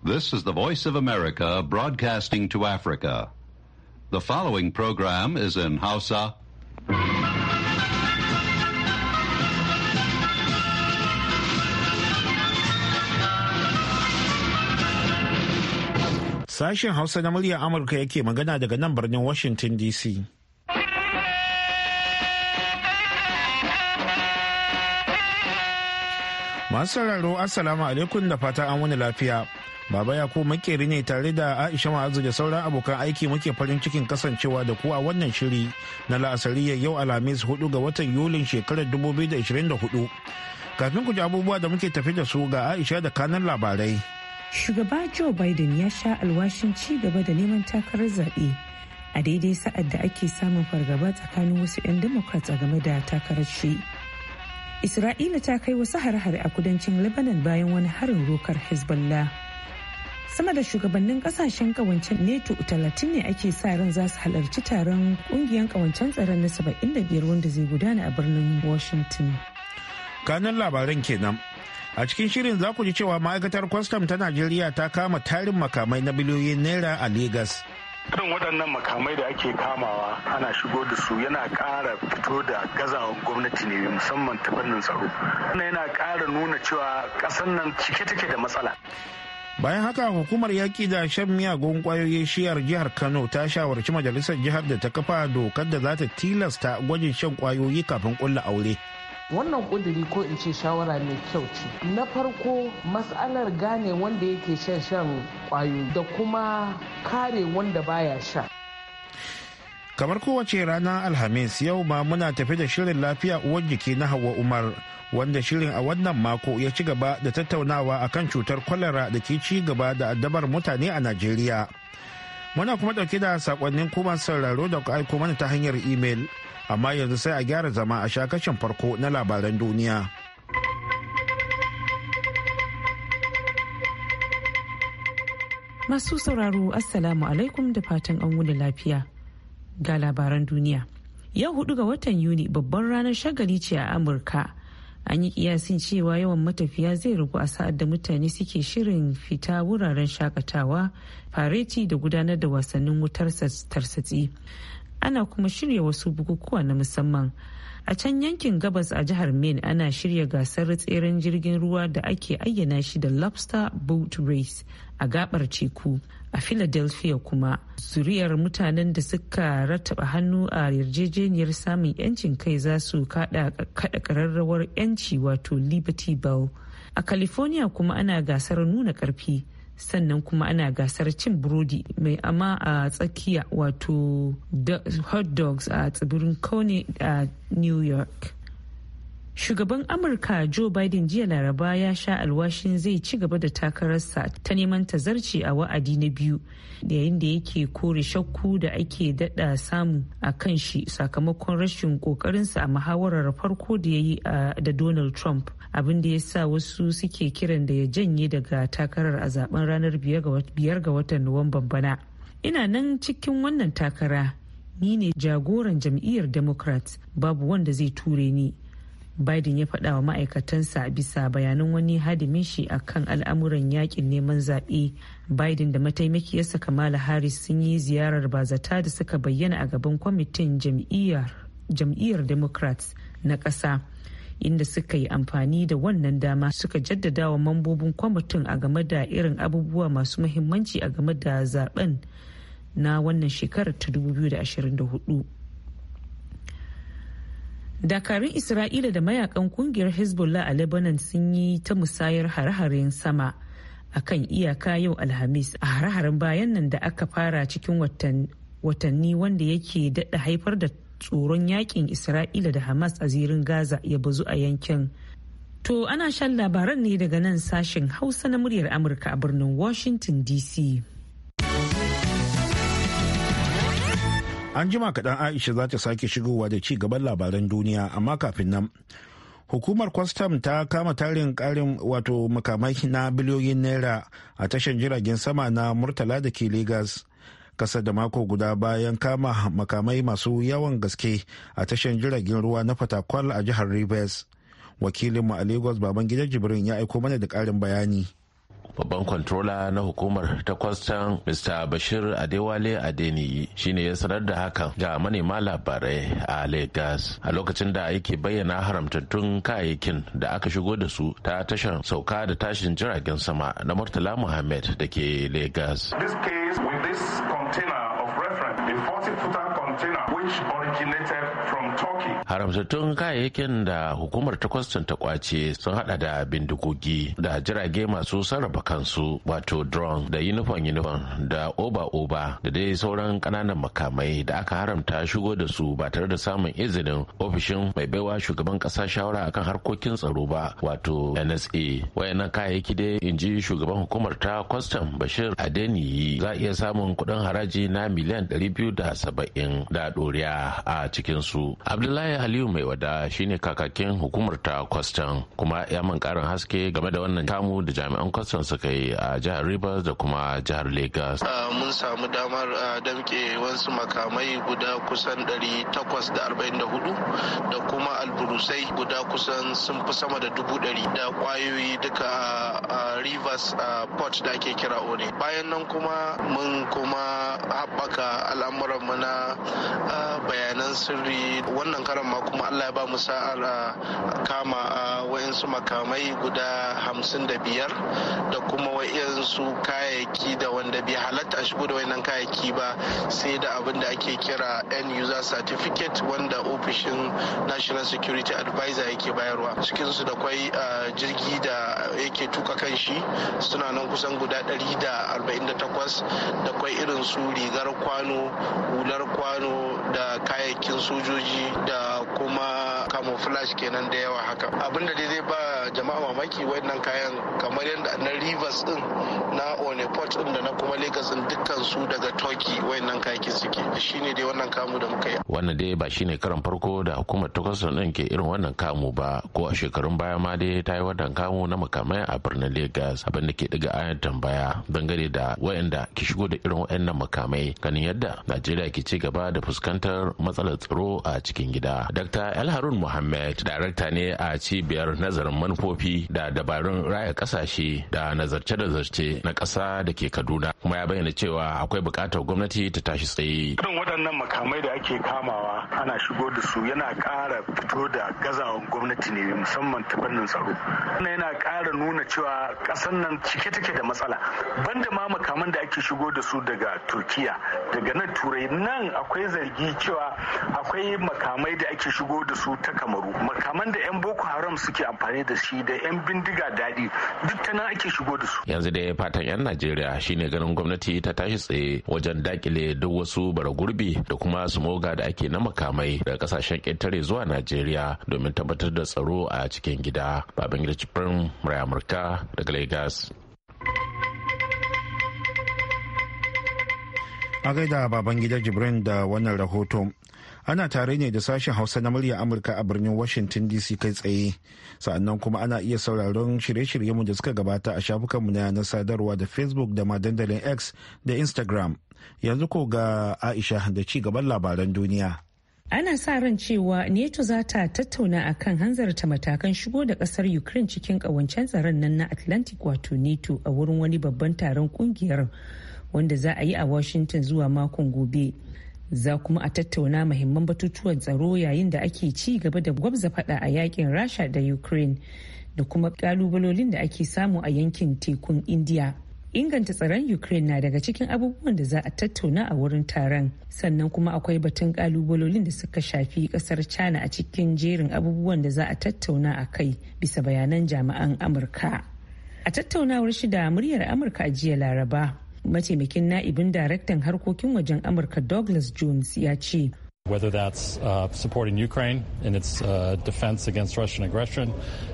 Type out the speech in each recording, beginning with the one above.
This is the Voice of America broadcasting to Africa. The following program is in Hausa. Sashen Hausa na muryar Amurka yake magana daga nan birnin Washington DC. Masu sauraro, Assalamu alaikum da fata an wani lafiya. Baba ya ko makeri ne tare da Aisha Ma'azu da sauran abokan aiki muke farin cikin kasancewa da ku wannan shiri na ya yau Alhamis 4 ga watan Yulin shekarar 2024. Kafin ku ji abubuwa da muke tafi da su ga Aisha da kanan labarai. Shugaba Joe Biden ya sha alwashin ci gaba da neman takarar zaɓe a daidai sa'ad da ake samun fargaba tsakanin wasu 'yan Democrats a game da takarar shi. Isra'ila ta kai wasu har hare a kudancin Lebanon bayan wani harin rokar Hezbollah. sama da shugabannin kasashen kawancen neto 30 ne ake sa ran za su halarci taron kungiyar kawancen tsaron na 75 wanda zai gudana a birnin washington kanan labaran kenan a cikin shirin za ku ji cewa ma'aikatar kwastam ta najeriya ta kama tarin makamai na biliyoyin naira a Legas. irin waɗannan makamai da ake kamawa ana shigo da su yana ƙara fito da gazawan gwamnati ne musamman ta fannin tsaro wannan yana ƙara nuna cewa ƙasar nan cike take da matsala bayan haka hukumar yaƙi da shan miyagun ƙwayoyin shiyar jihar kano ta shawarci majalisar jihar da ta kafa dokar da za ta tilasta gwajin shan ƙwayoyi kafin ƙulla aure wannan ƙuduri ko in ce shawara mai kyau ce na farko matsalar gane wanda yake shan shan ƙwayo da kuma kare wanda baya sha kamar kowace ranar alhamis yau ma muna tafi da shirin lafiya uwar jiki na hawa umar wanda shirin a wannan mako ya ci gaba da tattaunawa a kan cutar kwalara da ke ci gaba da addabar mutane a Najeriya. Muna kuma dauke da sakonnin kuma sauraro da ku aiko mana ta hanyar imel, amma yanzu sai a gyara zama a shakashin farko na labaran duniya. Masu sauraro Assalamu alaikum da fatan an wuni lafiya ga labaran duniya. Yau hudu ga watan Yuni babban ranar shagali ce a Amurka. an yi kiyasin cewa yawan matafiya zai ragu a sa'ad da mutane suke shirin fita wuraren shakatawa fareti da gudanar da wasannin wutar tarsatsi ana kuma shirya wasu bukukuwa na musamman a can yankin gabas a jihar maine ana shirya gasar tseren jirgin ruwa da ake ayyana shi da lobster boat race a gabar teku a philadelphia kuma zuriyar mutanen da suka rataba hannu a yarjejeniyar samun yancin kai za su kada kararrawar yanci wato liberty bell a california kuma ana gasar nuna karfi sannan kuma ana gasar cin burodi mai ama a tsakiya wato hot dogs a tsibirin coney a new york Shugaban Amurka Joe Biden jiya Laraba ya sha alwashin zai ci gaba da takararsa ta neman ta tazarci a wa'adi na biyu da yayin da yake kore shakku da ake dada samu a kan shi sakamakon rashin kokarinsa a muhawarar farko da ya yi da Donald Trump abin da ya sa wasu suke kiran da ya janye daga takarar a zaben ranar biyar ga watan Nuwamban bana. Ina nan cikin wannan takara ni ne jagoran jam'iyyar Democrats babu wanda zai ture ni. biden ya faɗa wa ma'aikatansa bisa bayanan wani hadimin shi a kan al'amuran yakin neman zaɓe biden da mataimakiyarsa kamala harris sun yi ziyarar bazata da suka bayyana a gaban kwamitin jam'iyyar democrats na ƙasa inda suka yi amfani da wannan dama suka jaddada wa mambobin kwamitin a game da irin abubuwa masu muhimmanci a game da zaben na wannan shekarar ta 2024 dakarun isra'ila da mayakan kungiyar hezbollah a lebanon sun yi ta musayar hare-haren sama a kan iyaka yau alhamis a hare-haren bayan nan da aka fara cikin watanni wanda yake daɗa haifar da tsoron yakin isra'ila da hamas a zirin gaza ya bazu a yankin to ana shan labaran ne daga nan sashen hausa na muryar amurka a birnin washington dc An jima kaɗan Aisha za ta sake shigowa da ci gaban labaran duniya amma kafin nan. Hukumar kwastam ta kama tarin karin wato makamai na biliyoyin naira a tashar jiragen sama na Murtala da ke Legas. Kasa da mako guda bayan kama makamai masu yawan gaske a tashar jiragen ruwa na Fatakwal a jihar Rivers. Wakilinmu a Lagos gidan Jibrin ya aiko mana da karin bayani. babban kwantrola na hukumar ta kwastan mr bashir adewale adeniyi shine ya sanar da hakan ga manema labarai a Legas, a lokacin da yake bayyana haramtattun kayayyakin da aka shigo da su ta tashar sauka da tashin jiragen sama na murtala muhammad da ke lagos container of reference, a 40 footer container which originated haramtattun kayayyakin da hukumar ta kwastan ta kwace sun hada da bindigogi da jirage masu sarrafa kansu wato drone da uniform uniform da oba oba da dai sauran kananan makamai da aka haramta shigo da su ba tare da samun izinin ofishin mai baiwa shugaban kasa shawara akan harkokin tsaro ba wato nsa wayannan kayayyaki dai in ji shugaban hukumar ta kwastan bashir adeniyi za iya samun kudin haraji na miliyan 270 da doriya a cikinsu abdullahi Aliyu Mai Wada shine kakakin hukumar ta kwastan kuma ya man karin haske game da wannan kamu da jami'an kwastan suka yi a jihar Rivers da kuma jihar Lagos. Ah, mun samu damar ah, damke wasu makamai guda kusan 844 da kuma alburusai guda kusan sun fi sama da dubu ɗari da kwayoyi duka a ah, Rivers Port da ake kira One. Bayan nan kuma mun kuma haɓaka al'amuranmu na bayanan sirri wannan karan amma kuma allah ya ba mu sa'ar a kama wa'insu makamai guda hamsin da biyar da kuma wa'insu kayayyaki da wanda bai halatta a shigo da wannan kayayyaki ba sai da abin da ake kira end user certificate wanda ofishin national security advisor yake bayarwa cikinsu da kwai jirgi da yake tuka kan shi suna nan kusan guda 148 da kwai irin su rigar kwano hular kwano da kayayyakin sojoji da kuma camouflage kenan da yawa haka abinda dai zai ba jama'a mamaki wayannan kayan kamar yadda na rivers din na oneport din da na kuma lagos din dukkan su daga turkey wayannan kayakin suke shine dai wannan kamu da muka yi wannan dai ba shine karan farko da hukumar tokosan din ke irin wannan kamu ba ko a shekarun baya ma dai ta yi wannan kamu na makamai a birnin lagos abin da ke daga ayan tambaya dangane da wayanda ke shigo da irin wayannan makamai ganin yadda najeriya ke ci gaba da fuskantar matsalar tsaro a cikin gida Dr. Alharun Muhammad, darakta ne a cibiyar nazarin manufofi da dabarun raya kasashe da nazarce-nazarce na ƙasa da ke Kaduna. Kuma ya bayyana cewa akwai buƙatar gwamnati ta tashi tsaye. Irin waɗannan makamai da ake kamawa ana shigo da su yana ƙara fito da gazawan gwamnati ne musamman ta fannin tsaro. Wannan yana ƙara nuna cewa ƙasar nan cike take da matsala. Banda ma makaman da ake shigo da su daga Turkiya, daga nan Turai nan akwai zargi cewa akwai makamai da ake su shigo da su ta kamaru makaman da 'yan boko haram suke amfani da shi da 'yan bindiga daɗi duk ta ake shigo da su yanzu da fatan 'yan najeriya shine ganin gwamnati ta tashi tsaye wajen dakile duk wasu bara gurbi da kuma sumoga da ake na makamai daga kasashen ƙetare zuwa najeriya domin tabbatar da tsaro a cikin gida babangida cifrin murai amurka daga lagos a gaida babangida jibrin da wannan rahoton ana tare ne da sashen hausa na murya amurka a birnin washington dc kai tsaye sa'annan kuma ana iya sauraron shirye mu da suka gabata a shafukanmu na yanar sadarwa da facebook da ma dandalin x da instagram yanzu ko ga aisha da ci gaban labaran duniya ana sa ran cewa neto za ta tattauna a kan hanzarta matakan shigo da kasar ukraine cikin kawancen tsaron nan na atlantic wato neto a wurin wani babban taron kungiyar wanda za a yi a washington zuwa makon gobe. za kuma a tattauna mahimman batutuwan tsaro yayin da ake ci gaba da gwabza fada a yakin rasha da ukraine da kuma kalubalolin da ake samu a yankin tekun india inganta tsaron ukraine na daga cikin abubuwan da za a tattauna a wurin taron sannan kuma akwai batun kalubalolin da suka shafi kasar china a cikin jerin abubuwan da za a tattauna a kai bisa bayanan jami'an amurka a tattaunawar shida muryar amurka jiya laraba mataimakin na'ibin daraktan harkokin wajen amurka douglas jones ya ce whether that's uh, supporting ukraine in its uh, defense against russian aggression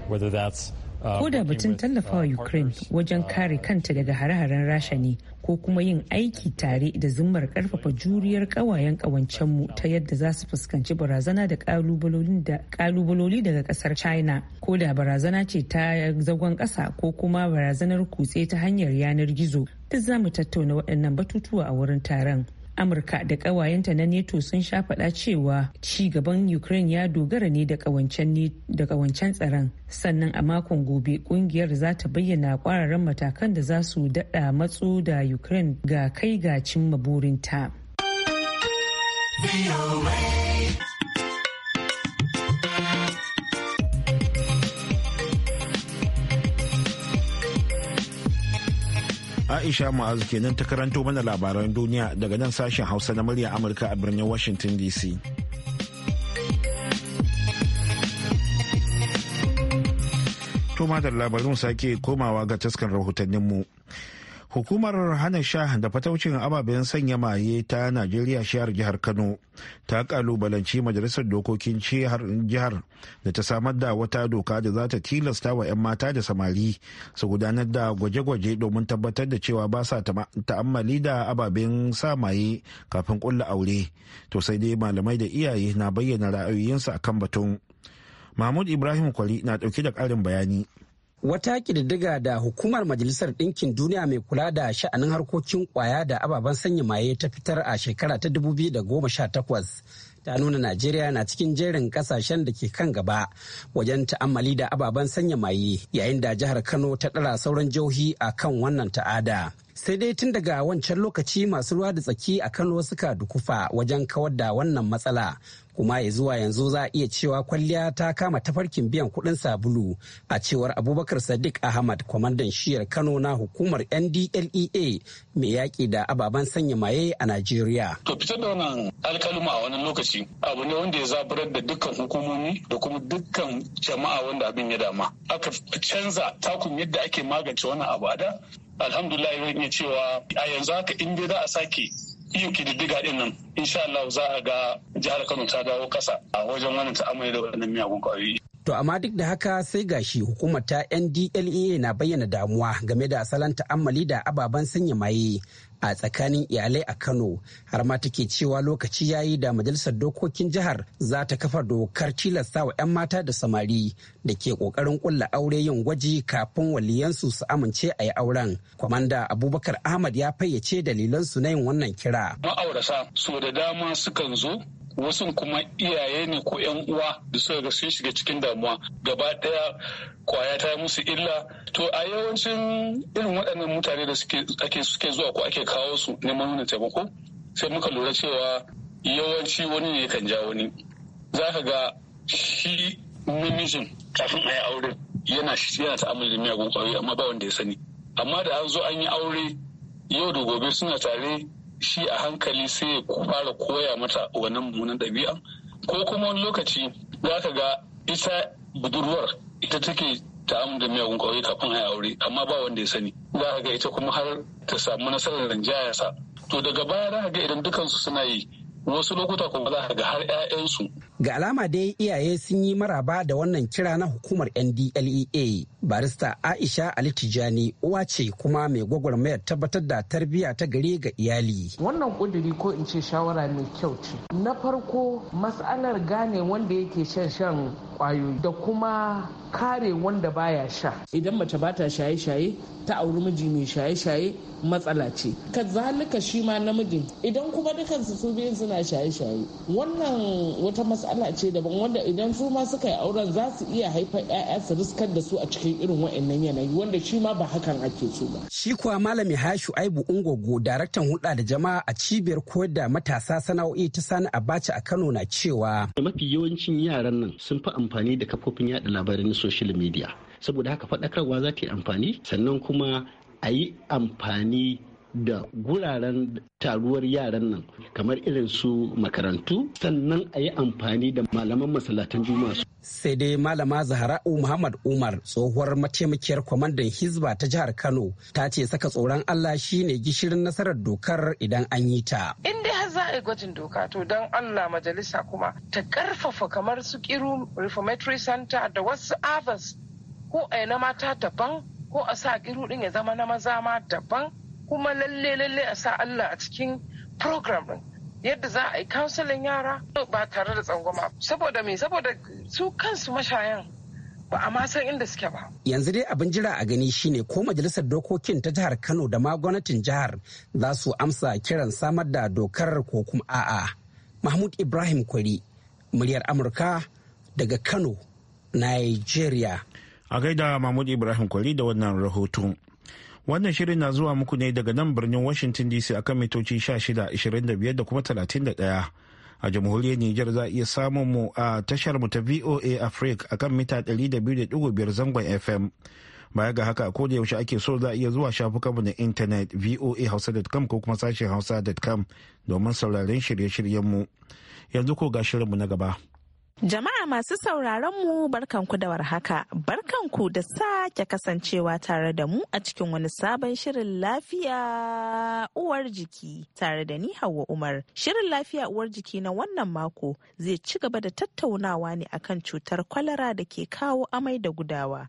whether that's Uh, ko da batun uh, tallafawa ukraine wajen uh, kare kanta daga hare-haren rasha ne ko kuma yin aiki tare da zimmar karfafa juriyar kawayen kawancenmu ta yadda za su fuskanci barazana da kalubaloli daga kasar china ko da barazana ce ta zagon kasa ko kuma barazanar kutse ta hanyar yanar gizo duk za mu tattauna waɗannan batutuwa a wurin taron amurka da ƙawayenta na neto sun sha cewa ci gaban ukraine ya dogara ne da ƙawancen tsaron sannan a makon gobe ƙungiyar za ta bayyana ƙwararren matakan da za su daɗa matso da ukraine ga kai ga cimma burinta. Aisha Ma'azu kenan ta karanto mana labaran duniya daga nan sashen Hausa na murya Amurka a birnin Washington DC. To da labarin sake komawa ga taskar rahotanninmu. Hukumar hana sha da fataucin ababen sanya maye ta Najeriya Shihar jihar Kano ta kalubalanci majalisar dokokin jihar da ta samar da wata doka da za ta tilasta wa 'yan mata da samari su gudanar da gwaje-gwaje domin tabbatar da cewa ba sa ta'ammali da ababen sa maye kafin kulla aure. To sai dai malamai da iyaye na bayyana ra'ayoyinsu akan batun. Mahmud Ibrahim Kwari na ɗauke da ƙarin bayani. wata ƙididdiga da hukumar majalisar ɗinkin duniya mai kula da sha'anin harkokin kwaya da ababen sanya maye ta fitar a shekara ta 2018 ta nuna najeriya na cikin jerin ƙasashen da ke kan gaba wajen ta'ammali da ababen sanya maye yayin da jihar kano ta ɗara sauran jihohi a kan wannan ta'ada sai dai tun daga wancan lokaci masu ruwa da tsaki a kano suka dukufa wajen kawar da wannan matsala kuma ya zuwa yanzu za a iya cewa kwalliya ta kama tafarkin biyan kuɗin sabulu a cewar abubakar sadiq ahmad kwamandan shiyar kano na hukumar ndlea mai yaƙi da ababen sanya maye a najeriya to fitar da wannan alkaluma a wani lokaci abu ne wanda ya zaburar da dukkan hukumomi da kuma dukkan jama'a wanda abin ya dama aka canza takun yadda ake magance wannan abu a da alhamdulillah zan cewa a yanzu haka in dai za a sake iyo kididdiga din nan insha Allah za a ga jihar Kano ta dawo kasa a wajen wannan ta'amali da wannan miyagun kwayoyi. To amma duk da haka sai gashi hukumar ta NDLEA na bayyana damuwa game da asalan ta'ammali da ababen sanya maye a tsakanin iyalai a Kano har ma take cewa lokaci yayi da majalisar dokokin jihar za ta kafa dokar tilasta wa 'yan mata da samari da ke kokarin kulla aure yin gwaji kafin waliyansu su amince a yi auren. Kwamanda Abubakar Ahmad ya fayyace dalilansu na yin wannan kira. Ma'aurasa, so da dama sukan zo wasu kuma iyaye ne ko yan uwa da suka ga sun shiga cikin damuwa gaba daya kwaya ta yi musu illa to a yawancin irin waɗannan mutane da suke suke zuwa ko ake kawo su neman nuna taimako sai muka lura cewa yawanci wani ne kan ja wani za ka ga shi namijin kafin a yi aure yana yana ta'amali da miyagun kwayoyi amma ba wanda ya sani amma da an zo an yi aure yau da gobe suna tare shi a hankali sai ya fara koya mata wannan mummunan ɗabi'an ko kuma wani lokaci za ka ga ita budurwar ita take amu da miyagun ƙwayoyi kafin a aure amma ba wanda ya sani za ka ga ita kuma har ta samu nasarar rinjayarsa to daga baya za ka ga idan dukansu suna yi wasu lokuta kuma za ga har 'ya'yansu. Ga alama dai iyaye sun yi maraba da wannan kira na hukumar NDLEA. Barista Aisha Ali Tijani uwa ce kuma mai gwagwarmayar tabbatar da tarbiyya ta gare ga iyali. Wannan kuduri ko in ce shawara mai kyau ce. Na farko mas'alar gane wanda yake shan shan kwayoyi da kuma kare wanda baya sha idan mace bata shaye-shaye ta auri miji mai shaye-shaye matsala ce ka zalika shi ma namijin idan kuma dukansu su biyun suna shaye-shaye wannan wata matsala ce daban wanda idan su ma suka yi auren za su iya haifar 'ya'ya su riskar da su a cikin irin wa'annan yanayi wanda shi ma ba hakan ake so ba shi kuwa malami hashu aibu ungogo daraktan hulɗa da jama'a a cibiyar koyar da matasa sana'o'i ta sani abaci a kano na cewa mafi yawancin yaran nan sun fi amfani da kafofin yada labarai na social media saboda haka faɗakarwa za ta yi amfani sannan kuma a yi amfani da guraren taruwar yaran nan kamar irin su makarantu sannan a yi amfani da malaman masallatan juma'a sai dai malama zahra'u muhammad umar tsohuwar mataimakiyar kwamandan hizba ta jihar kano ta ce saka tsoron allah shi ne gishirin nasarar dokar idan an yi ta in dai har za a yi gwajin doka to don allah majalisa kuma ta karfafa kamar su kiru reformatory center da wasu avas ko a na mata daban ko a sa kiru din ya zama na maza ma daban kuma lalle lalle a sa Allah a cikin program din yadda za a yi counseling yara ba tare da tsangwama saboda me saboda su kansu mashayan ba a ma san inda suke ba. Yanzu dai abin jira a gani shine ko majalisar dokokin ta jihar Kano da ma gwamnatin jihar za su amsa kiran samar da dokar ko kuma a'a. Mahmud Ibrahim Kwari, muryar Amurka daga Kano, Nigeria. A gaida Mahmud Ibrahim Kwari da wannan rahoton. Wannan shirin na zuwa muku ne daga nan birnin Washington DC akan mitoci 1625 da kuma 31. a jamhuriyar Nijar za a iya samun mu a tashar mu ta VOA Africa akan mita 200.5 zangon FM. Baya ga haka ko da yaushe ake so za a iya zuwa mu na intanet voahausa.com ko kuma sashen hausa.com domin sauraren shirye-shiryen mu. Yanzu ko ga shirin mu na gaba. Jama'a masu sauraron mu barkanku da warhaka, barkanku da sake kasancewa tare da mu a cikin wani sabon shirin lafiya uwar jiki tare da ni Hauwa Umar. Shirin lafiya uwar jiki na wannan mako zai ci gaba da tattaunawa ne akan cutar kwalara da ke kawo amai da gudawa.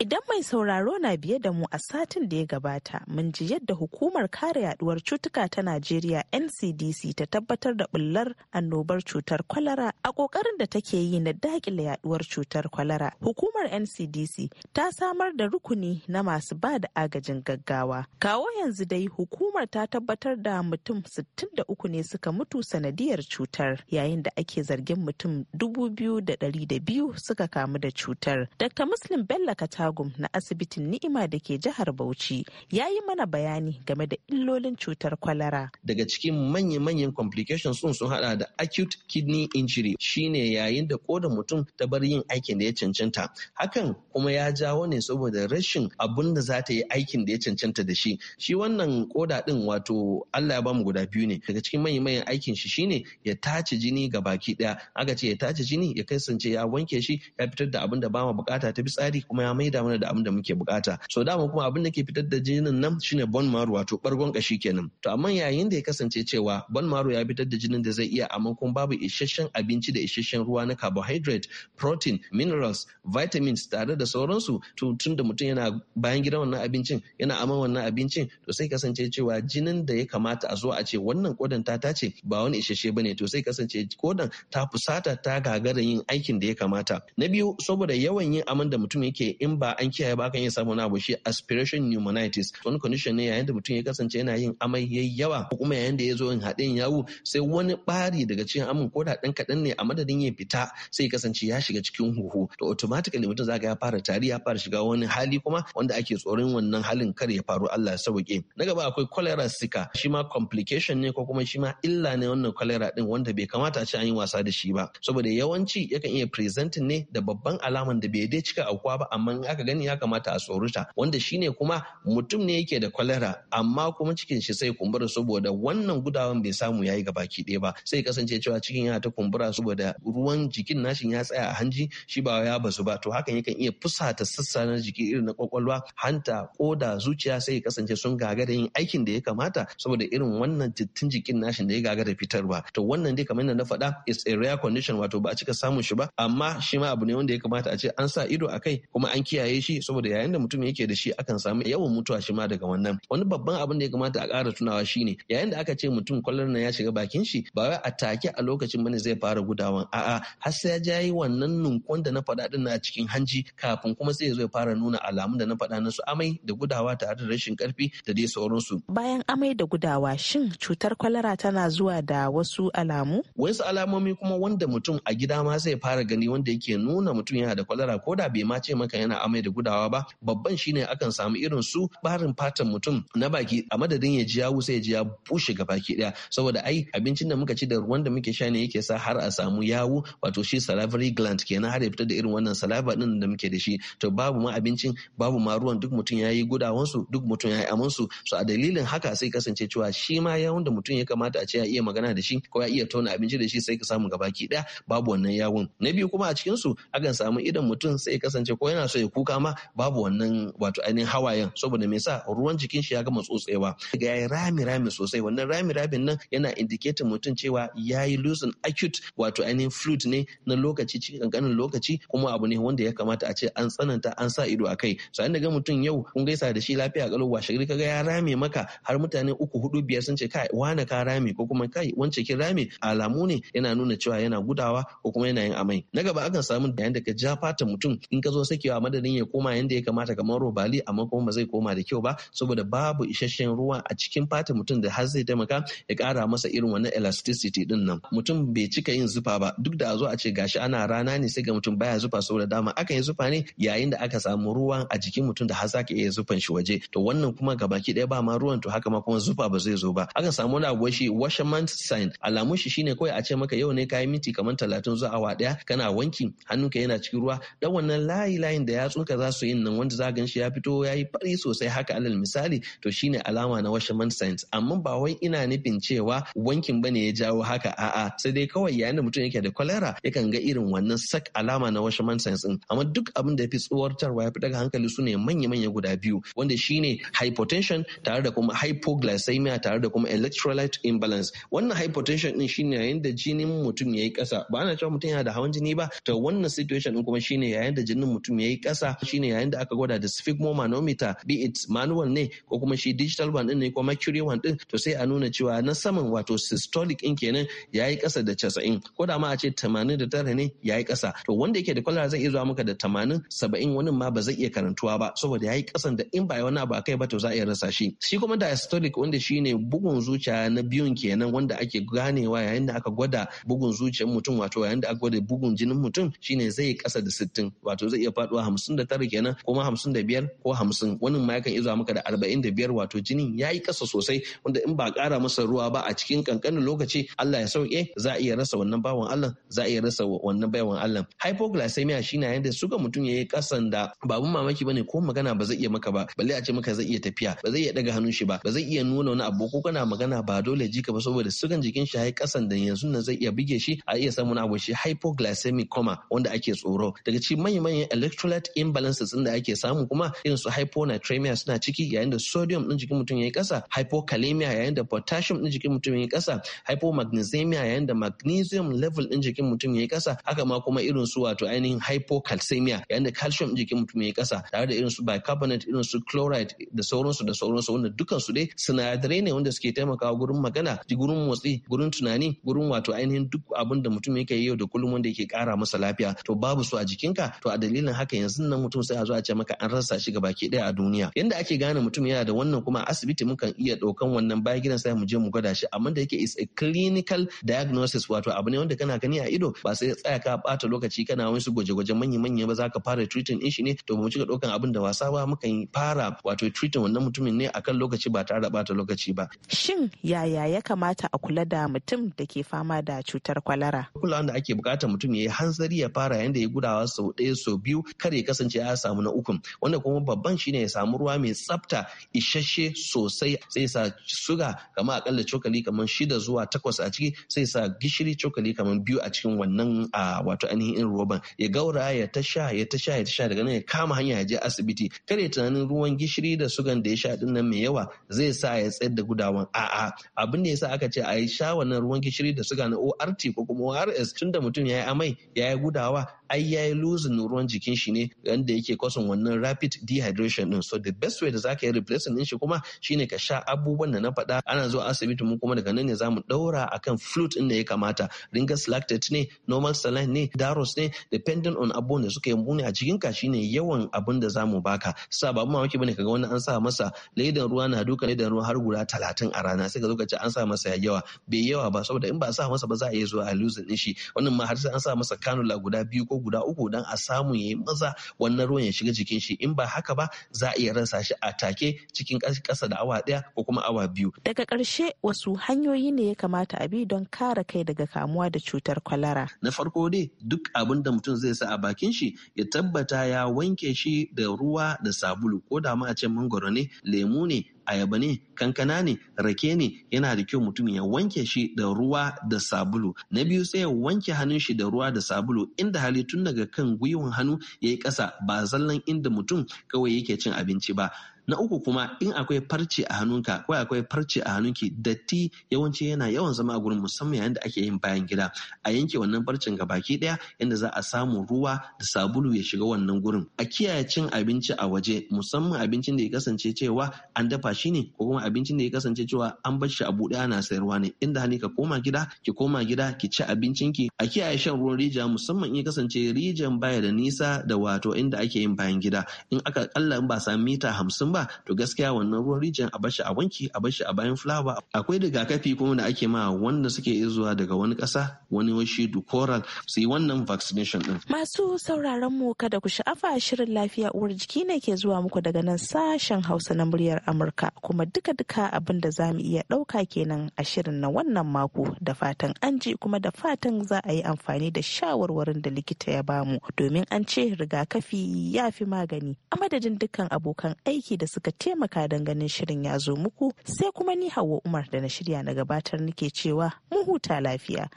Idan mai sauraro na biye da mu a satin da ya gabata, mun ji yadda hukumar kare yaduwar cutuka ta Najeriya NCDC ta tabbatar da bullar annobar cutar kwalara a kokarin da take yi na dakile yaduwar cutar kwalara. Hukumar NCDC ta samar da rukuni na masu ba da agajin gaggawa. Kawo yanzu dai hukumar ta tabbatar da mutum 63 ne suka mutu sanadiyar cutar yayin da ake zargin mutum 2,200 suka kamu da cutar. Dr. Muslim Bello Katawa Fagum na asibitin Ni'ima da ke jihar Bauchi ya yi mana bayani game da illolin cutar kwalara. Daga cikin manya-manyan complications sun sun hada da acute kidney injury shine yayin da kodan mutum ta bar yin aikin da ya cancanta. Hakan kuma ya jawo ne saboda rashin abun da za ta yi aikin da ya cancanta da shi. Shi wannan koda din wato Allah ya bamu guda biyu ne. Daga cikin manya-manyan aikin shi shine ya tace jini ga baki daya. Aka ce ya tace jini ya kasance ya wanke shi ya fitar da abin da ba bukata ta tsari kuma ya maida fita mana da abin da muke bukata so dama kuma abin da ke fitar da jinin nan shine bon maro wato bargon kashi kenan to amma yayin da ya kasance cewa bon maro ya fitar da jinin da zai iya amma kuma babu isasshen abinci da isasshen ruwa na carbohydrate protein minerals vitamins tare da sauransu to tun da mutum yana bayan gidan wannan abincin yana aman wannan abincin to sai kasance cewa jinin da ya kamata a zo a ce wannan kodan ta tace ba wani isasshe bane to sai kasance kodan ta fusata ta gagara yin aikin da ya kamata na biyu saboda yawan yin aman da mutum yake in ba ba an kiyaye ba akan iya samu wani abu shi aspiration pneumonitis wani condition ne yayin da mutum ya kasance yana yin amai yayi yawa ko kuma yayin da ya zo in haɗin yawu sai wani ɓari daga cikin amin ko da ɗan kaɗan ne a madadin ya fita sai ya kasance ya shiga cikin huhu to automatically mutum zaka ya fara tari ya fara shiga wani hali kuma wanda ake tsoron wannan halin kar ya faru Allah ya sauke na gaba akwai cholera sika shi ma complication ne ko kuma shi ma illa ne wannan cholera din wanda bai kamata a ce an yi wasa da shi ba saboda yawanci yakan iya presenting ne da babban alaman da bai dai cika aukuwa ba amma aka gani ya kamata a tsoruta wanda shine kuma mutum ne yake da kwalera amma kuma cikin shi sai kumbura saboda wannan gudawan bai samu yayi gaba ki ɗaya ba sai kasance cewa cikin yana ta kumbura saboda ruwan jikin nashin ya tsaya a hanji shi ba ya basu ba to hakan yakan iya fusata sassa na jiki irin na kwakwalwa hanta koda zuciya sai kasance sun gagara yin aikin da ya kamata saboda irin wannan jittin jikin nashin da ya gagara fitarwa to wannan dai kamar na faɗa it's a rare condition wato ba a cika samun shi ba amma shi ma abu ne wanda ya kamata a ce an sa ido a kai kuma an kiyaye kiyaye shi saboda yayin da mutum yake da shi akan samu yawan mutuwa shi ma daga wannan wani babban abin da ya kamata a ƙara tunawa shine yayin da aka ce mutum kwallon nan ya shiga bakin shi ba wai a take a lokacin bane zai fara gudawan a'a har sai ya ja yi wannan nunkon da na faɗa din na cikin hanji kafin kuma sai ya zo ya fara nuna alamun da na faɗa na su amai da gudawa tare da rashin karfi da dai sauransu bayan amai da gudawa shin cutar kwalara tana zuwa da wasu alamu wasu alamomi kuma wanda mutum a gida ma zai fara gani wanda yake nuna mutum yana da kwalara ko da bai ma ce maka yana amai mai da gudawa ba babban shine akan samu irin su barin fatan mutum na baki a madadin ya ji ya wusa ya ji ya bushe gaba ki daya saboda ai abincin da muka ci da ruwan da muke sha ne yake sa har a samu yawu wato shi salivary gland kenan har ya fita da irin wannan saliva din da muke da shi to babu ma abincin babu ma ruwan duk mutum yayi gudawansu duk mutum yayi su so a dalilin haka sai kasance cewa shi ma yawun da mutum ya kamata a ce ya iya magana da shi ko ya iya tona abinci da shi sai ka samu gaba daya babu wannan yawun na biyu kuma a cikin su akan samu idan mutum sai kasance ko yana so ya kuka ma babu wannan wato ainihin hawayen saboda me yasa ruwan jikin shi ya gama tsotsewa ga yayi rami rami sosai wannan rami ramin nan yana indicate mutum cewa yayi losing acute wato ainihin fluid ne na lokaci cikin kankanin lokaci kuma abu ne wanda ya kamata a ce an tsananta an sa ido a kai so an daga mutum yau kun gaisa da shi lafiya kalau wa kaga ya rami maka har mutane uku hudu biyar sun ce kai wane ka rame ko kuma kai wance ki rame alamu ne yana nuna cewa yana gudawa ko kuma yana yin amai na gaba akan samu yayin da ka ja fata mutum in ka zo sakewa madadin din ya koma yadda ya kamata kamar robali amma kuma ba zai koma da kyau ba saboda babu isasshen ruwa a cikin fata mutum da har zai taimaka ya kara masa irin wannan elasticity din nan mutum bai cika yin zufa ba duk da a zo a ce gashi ana rana ne sai ga mutum baya zufa saboda dama Aka yi zufa ne yayin da aka samu ruwa a jikin mutum da har zaka iya zufan shi waje to wannan kuma gabaki ɗaya ba ma ruwan to haka ma kuma zufa ba zai zo ba Aka samu wani abu shi washerman sign alamun shi shine kawai a ce maka yau ne kayi minti kamar talatin zuwa awa daya kana wanki hannunka yana cikin ruwa dan wannan layi layin da yatsu suka za su yin nan wanda za gan shi ya fito ya yi fari sosai haka alal misali to shine alama na washerman Science. amma ba wai ina nufin cewa wankin ne ya jawo haka a'a sai dai kawai yayin da mutum yake da cholera yakan ga irin wannan sak alama na washerman Science din amma duk abin da ya fi tsoratarwa ya fi daga hankali su ne manya-manya guda biyu wanda shine hypotension tare da kuma hypoglycemia tare da kuma electrolyte imbalance wannan hypotension din shine yayin da jinin mutum ya yi kasa ba ana cewa mutum yana da hawan jini ba to wannan situation din kuma shine yayin da jinin mutum ya yi kasa sa shine yayin da aka gwada da sphygmo manometer be it manual ne ko kuma shi digital one din ne ko mercury one din to sai a nuna cewa na saman wato systolic in kenan yayi kasa da 90 ko da ma a ce 89 ne yayi kasa to wanda yake da kwalara zai iya zuwa maka da 80 70 wani ma ba zai iya karantuwa ba saboda yayi kasan da in ba wani abu kai ba to za a iya rasa shi shi kuma diastolic wanda shine bugun zuciya na biyun kenan wanda ake ganewa yayin da aka gwada bugun zuciyar mutum wato yayin da aka gwada bugun jinin mutum shine zai kasa da 60 wato zai iya faduwa 50 da tara kenan kuma hamsin da biyar ko hamsin wani ma yakan izuwa maka da arba'in da biyar wato jinin ya yi ƙasa sosai wanda in ba ƙara masa ruwa ba a cikin ƙanƙanin lokaci Allah ya sauke za a iya rasa wannan bawan Allah za a iya rasa wannan bawan Allah hypoglycemia shine yadda suka mutum ya yi ƙasan da babun mamaki bane ko magana ba zai iya maka ba balle a ce maka zai iya tafiya ba zai iya daga hannun shi ba ba zai iya nuna wani abu ko kana magana ba dole ji ka ba saboda sukan jikin shi ya ƙasan da yanzu nan zai iya bige shi a iya samun abu shi hypoglycemic coma wanda ake tsoro daga cikin manyan manyan electrolyte imbalances din da ake samu kuma irin su hyponatremia suna ciki yayin da sodium din jikin mutum yayi kasa hypokalemia yayin da potassium din jikin mutum yayi kasa hypomagnesemia yayin da magnesium level din jikin mutum yayi kasa haka ma kuma irin su wato ainihin hypocalcemia yayin da calcium din jikin mutum yayi kasa tare da irin su bicarbonate irin su chloride da sauransu da sauransu wanda dukkan su dai sinadarai ne wanda suke taimakawa gurin magana gurin motsi gurin tunani gurin wato ainihin duk abinda da mutum yake yau da kullum wanda yake kara masa lafiya to babu su a jikinka to a dalilin haka yanzu nan wannan mutum sai a zo a ce maka an rasa shi gabaki ɗaya a duniya yanda ake gane mutum yana da wannan kuma asibiti mukan iya ɗaukan wannan bayan gidan sai mu je mu gwada shi amma da yake is a clinical diagnosis wato abu ne wanda kana gani a ido ba sai tsaya ka bata lokaci kana wasu gwaje-gwaje manya-manya ba za ka fara treating din shi ne to mu cika ɗaukan abin da wasa ba mukan fara wato treating wannan mutumin ne akan lokaci ba tare da bata lokaci ba shin yaya ya kamata a kula da mutum da ke fama da cutar kwalara kulawan da ake bukata mutum ya yi hanzari ya fara yanda ya gudawa sau ɗaya sau biyu kar ya kasance kasance ya samu na ukun wanda kuma babban shine ya samu ruwa mai tsafta isasshe sosai sai sa suga kamar akalla cokali kamar shida zuwa takwas a ciki sai sa gishiri cokali kamar biyu a cikin wannan wato ainihin roban ya gaura ya ta sha ya ta sha ya ta sha daga nan ya kama hanya ya je asibiti kare tunanin ruwan gishiri da sugan da ya sha din mai yawa zai sa ya tsayar da gudawan a'a abin da sa aka ce a yi sha wannan ruwan gishiri da suga na ORT ko kuma ORS da mutum ya yi amai ya yi gudawa ai ya yi losing ruwan jikin shi ne da yake kwasan wannan rapid dehydration din so the best way da zaka yi replacing din shi kuma shine ka sha abubuwan da na faɗa ana zuwa asibiti mu kuma daga nan ne zamu daura kan flute din da ya kamata ringa lactate ne normal saline ne daros ne depending on abubuwan da suka yi muni a cikin ka shine yawan abun da zamu baka sa ba mamaki bane kaga wani an sa masa ledan ruwa na duka ledan ruwa har guda talatin a rana sai ka zo ka ce an sa masa yawa bai yawa ba saboda in ba a sa masa ba za a iya zuwa a losing din shi wannan ma har sai an sa masa kanula guda biyu ko guda uku dan a samu ya yi maza wannan ruwan ya shiga jikin shi in ba haka ba za a iya rasa shi a take cikin kasa da awa daya ko kuma awa biyu. Daga karshe, wasu hanyoyi ne ya kamata a bi don kare kai daga kamuwa da cutar kwalara. Na farko dai duk abin da mutum zai sa a bakin shi ya tabbata ya wanke shi da ruwa da sabulu ko da ma a ce mangoro ne lemu ne ayaba ne kankana ne rake ne yana da kyau mutum ya wanke shi da ruwa da sabulu na biyu sai ya wanke hannun shi da ruwa da sabulu inda hali tun daga kan gwiwan hannu ya yi ƙasa ba zallan inda mutum kawai yake cin abinci ba na uku kuma in akwai farce a hannunka ko akwai farce a hannunki datti yawanci yana yawan zama a gurin musamman yayin da ake yin bayan gida a yanke wannan farcen ga baki daya inda za a samu ruwa da sabulu ya shiga wannan gurin a kiyaye cin abinci a waje musamman abincin da ya kasance cewa an dafa shi ne ko kuma abincin da ya kasance cewa an bar shi a buɗe ana sayarwa ne inda hani ka koma gida ki koma gida ki ci abincinki. a kiyaye shan ruwan rijiya musamman in ya kasance rijan baya da nisa da wato inda ake yin bayan gida in aka kalla in ba sami mita hamsin ba ba to gaskiya wannan ruwan rijiyar a bashi a wanki a bashi a bayan fulawa akwai rigakafi kuma da ake ma wanda suke zuwa daga wani kasa wani washi dukoral su yi wannan vaccination din. Masu sauraron mu kada ku sha'afa shirin lafiya uwar jiki ne ke zuwa muku daga nan sashen Hausa na muryar Amurka kuma duka-duka abin da za mu iya ɗauka kenan a shirin na wannan mako da fatan an ji kuma da fatan za a yi amfani da shawarwarin da likita ya bamu domin an ce rigakafi ya fi magani a madadin dukkan abokan aiki da suka taimaka don ganin shirin ya zo muku sai kuma ni Hauwa Umar da na shirya na gabatar nake cewa mu huta lafiya.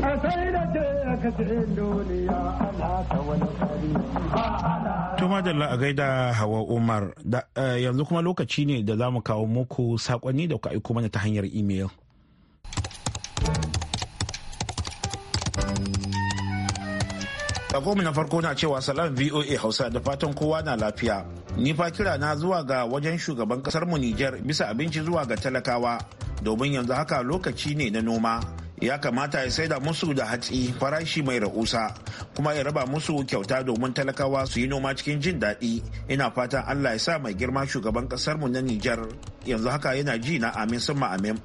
Tuma da a gaida Hawa Umar eh, yanzu kuma lokaci ne da za mu kawo muku saƙonni da kuka aiko mana ta hanyar imel. mu na farko na cewa salam VOA Hausa da fatan kowa na lafiya. Ni fa kira na zuwa ga wajen shugaban kasar mu Nijar bisa abinci zuwa ga talakawa domin yanzu haka lokaci ne na noma. Ya kamata ya saida musu da hatsi farashi mai rahusa kuma ya raba musu kyauta domin talakawa su yi noma cikin jin daɗi. Ina fatan Allah ya sa mai girma shugaban kasar mu na Nijar yanzu haka yana ji na amin sun amin.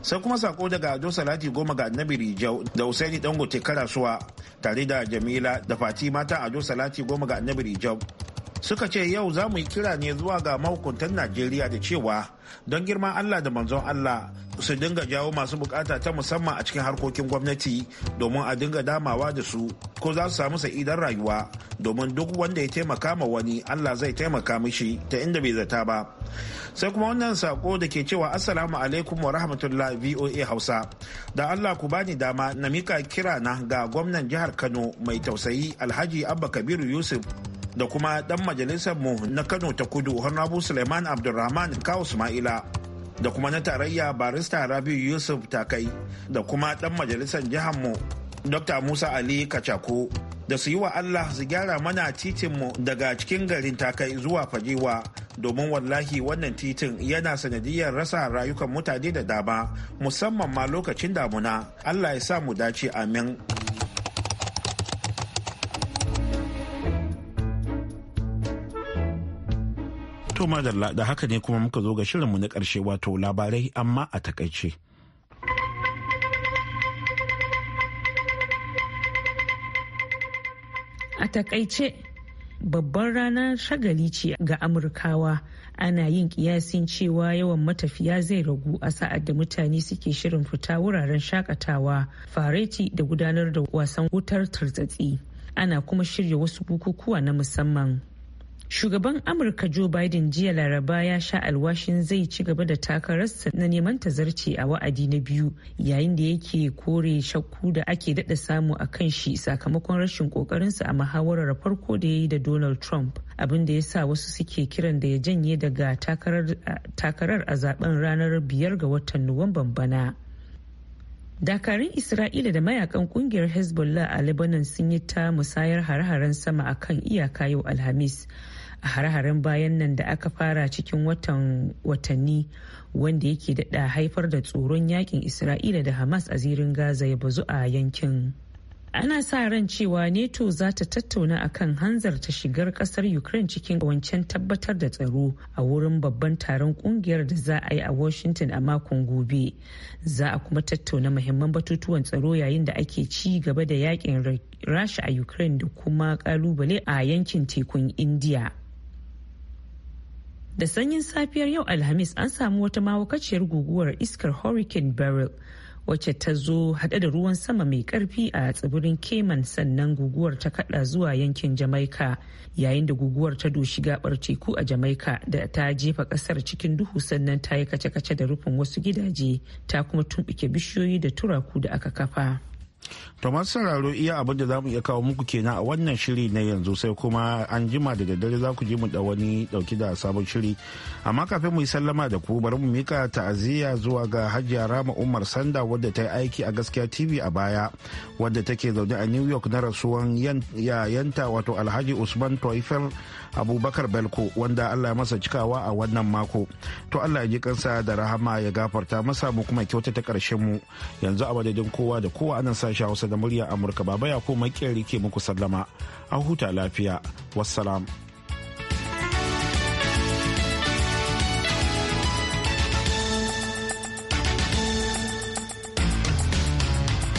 sai kuma sako daga ado salati goma ga annabi rijau da usaini dangote karasuwa tare da jamila da fatima ta ado salati goma ga annabi rijau suka ce yau za mu yi kira ne zuwa ga mahukuntan najeriya da cewa don girman allah da manzon allah su dinga jawo masu bukata ta musamman a cikin harkokin gwamnati domin a dinga damawa da su ko za su samu sa'idan rayuwa domin duk wanda ya taimaka ma wani allah zai taimaka mishi ta inda bai zata ba sai kuma wannan sako da ke cewa assalamu alaikum wa rahmatullah voa hausa da allah ku bani dama na mika kira na ga gwamnan jihar kano mai tausayi alhaji abba kabiru yusuf da kuma dan majalisar mu na Kano ta Kudu Honorable Suleiman Abdulrahman Kawu Ismaila da kuma na tarayya barista Rabiu Yusuf Takai da kuma dan majalisar jihar mu Dr. Musa Ali Kachako da su yi wa Allah su gyara mana titin mu daga cikin garin takai zuwa fajewa domin wallahi wannan titin yana sanadiyar rasa rayukan mutane da dama musamman ma lokacin damuna Allah ya sa mu dace amin. To madalla da haka ne kuma muka zo ga shirinmu na ƙarshe wato labarai amma a takaice. A takaice babban ranar shagali ce ga Amurkawa ana yin kiyasin cewa yawan matafiya zai ragu a sa'ad da mutane suke shirin fita wuraren shakatawa fareti da gudanar da wasan wutar tartsatsi ana kuma shirya wasu bukukuwa na musamman. Shugaban Amurka Joe Biden jiya Laraba ya sha alwashin zai ci gaba da takararsa na neman tazarci a wa'adi na biyu yayin da yake kore shakku da ake daɗa samu a kan shi sakamakon rashin ƙoƙarinsa a muhawarar farko da ya yi da Donald Trump abin da ya sa wasu suke kiran da ya janye daga takarar a zaben ranar biyar ga watan Nuwamban bana. dakarun isra'ila da mayakan kungiyar hezbollah a lebanon sun yi ta musayar hare-haren sama akan iyaka yau alhamis a hare-haren bayan nan da aka fara cikin watan watanni wanda yake daɗa haifar da tsoron yakin isra'ila da hamas a zirin gaza ya bazu a yankin ana sa ran cewa neto za ta tattauna akan hanzarta shigar kasar ukraine cikin wancan tabbatar da tsaro a wurin babban taron kungiyar da za a yi a washington a makon gobe za a kuma tattauna mahimman batutuwan tsaro yayin da ake ci gaba da yakin rasha a ukraine da kuma kalubale a yankin tekun india da sanyin safiyar yau alhamis an samu wata mawakaciyar guguwar iskar hurricane beryl wacce ta zo hade da ruwan sama mai karfi a tsibirin cayman sannan guguwar ta kada zuwa yankin jamaica yayin da guguwar ta doshi gabar teku a jamaica da ta jefa kasar cikin duhu sannan ta yi kace-kace da rufin wasu gidaje ta kuma tumbuke bishiyoyi da turaku da aka kafa To masu sauraro iya abin da za mu iya kawo muku kenan a wannan shiri na yanzu sai kuma an jima da daddare za ku ji mu da wani dauki da sabon shiri. Amma kafin mu yi sallama da ku bari mu mika ta'aziyya zuwa ga Hajiya Rama Umar Sanda wadda ta yi aiki a gaskiya TV a baya wadda take zaune a New York na rasuwan yayanta wato Alhaji Usman Toifel abubakar belko wanda allah ya masa cikawa a wannan mako to allah ya ji kansa da rahama ya gafarta masa mu kuma kyauta ta karshen mu yanzu a madadin kowa da kowa anan sashi hausa da murya amurka baba ya ko makeri ke muku sallama a huta lafiya wassalam